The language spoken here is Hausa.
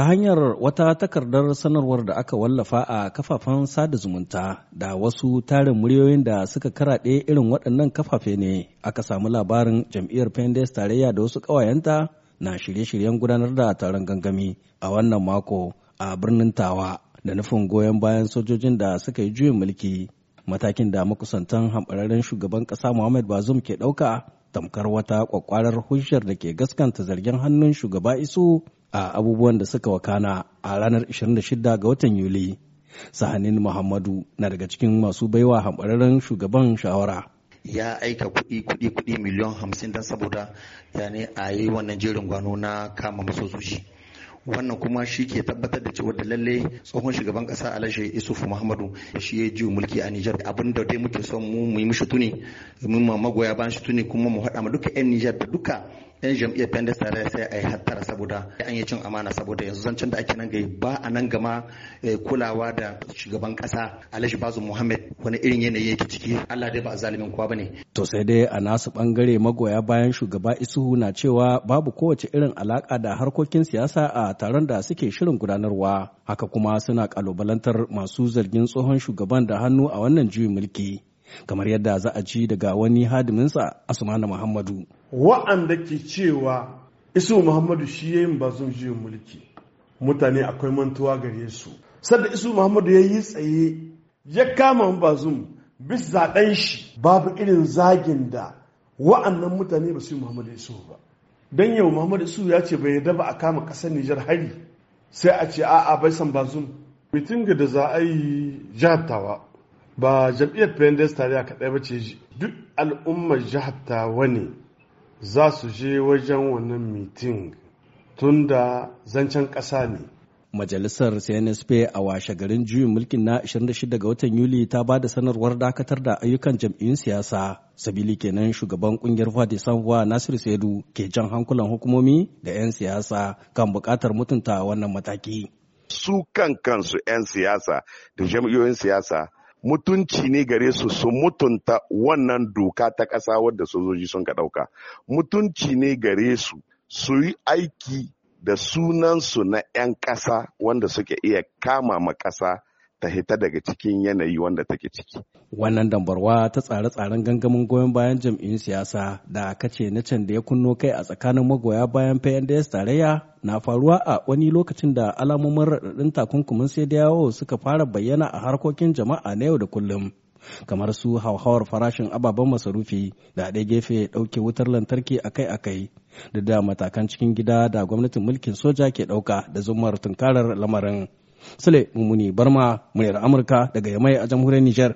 ta hanyar wata takardar sanarwar da aka wallafa a kafafen sada zumunta da wasu tarin muryoyin da suka karaɗe irin waɗannan kafafe ne aka samu labarin jam'iyyar pendes tarayya da wasu ƙawayenta na shirye-shiryen gudanar da taron gangami a wannan mako a birnin tawa da nufin goyon bayan sojojin da suka yi juyin mulki matakin da makusantan hamɓararren shugaban ƙasa muhammad bazum ke ɗauka tamkar wata ƙwaƙwalar hujjar da ke gaskanta zargin hannun shugaba isu a abubuwan da suka wakana a ranar 26 ga watan Yuli. Sahanin Muhammadu na daga cikin masu baiwa hambararren shugaban shawara. Ya aika kuɗi kuɗi kuɗi miliyan hamsin don saboda ne a yi wannan jerin gwano na kama maso zuci. wannan kuma shi ke tabbatar da cewa da lalle tsohon shugaban kasa alhaji isufu muhammadu shi ya ji mulki a nijar abin da dai muke son mu mu yi mishi tuni mu magoya ban shi tuni kuma mu haɗa ma duka yan nijar da duka yan jam'iyyar pendas tare sai a yi an yi cin amana saboda yanzu zancen da ake nan gai ba a nan gama eh, kulawa da shugaban kasa Alhaji bazu Muhammad wani irin yanayi yake ciki Allah dai ba zalimin kowa bane to sai dai a nasu bangare magoya bayan shugaba Isuhu na cewa babu kowace irin alaka da harkokin siyasa a taron da suke shirin gudanarwa haka kuma suna kalubalantar masu zargin tsohon shugaban da hannu a wannan juyin mulki kamar yadda za a ji daga wani hadiminsa asmana muhammadu wa'anda ke cewa isu muhammadu shi ya yin zan juyin mulki mutane akwai mantuwa gare su sadda isu muhammadu ya yi tsaye ya kama zan bis zaɗen shi babu irin zagin da wa'annan mutane ba su yi muhammadu isu ba don yau muhammadu isu ya ce bai yarda ba a kama ƙasar nijar hari sai a ce a'a bai san zan mitin da za a yi jihar tawa ba jam'iyyar pendes tare kaɗai ba ce duk al'ummar jihar tawa ne za su je wajen wannan mitin tun da zancen ƙasa ne. Majalisar CNSP a washe garin juyin mulkin na 26 ga watan Yuli ta ba da sanarwar dakatar da ayyukan jam'iyyun siyasa. Sabili kenan shugaban kungiyar Fadi Sanwa Nasiru Sedu ke jan hankulan hukumomi da 'yan siyasa kan bukatar mutunta wannan mataki. Su kan kansu 'yan siyasa da jam'iyyoyin siyasa mutunci ne gare su su mutunta wannan doka ta ƙasa wadda sojoji sun ka ɗauka mutunci ne gare su su yi aiki da sunansu na 'yan ƙasa wanda suke iya kama ma ƙasa ta hita daga cikin yanayi wanda take ciki. Wannan dambarwa ta tsare-tsaren gangamin goyon bayan jam'in siyasa da aka ce na can da ya kunno kai a tsakanin magoya bayan PNDS tarayya na faruwa a wani lokacin da alamomin raɗaɗin takunkumin sai da yawo suka fara bayyana a harkokin jama'a na yau da kullum. kamar su hauhawar farashin ababen masarufi da ɗaya gefe ɗauke wutar lantarki akai-akai da da matakan cikin gida da gwamnatin mulkin soja ke ɗauka da zumar tunkarar lamarin Sule Mumuni Barma, muryar Amurka daga Yamai a jamhuriyar Niger.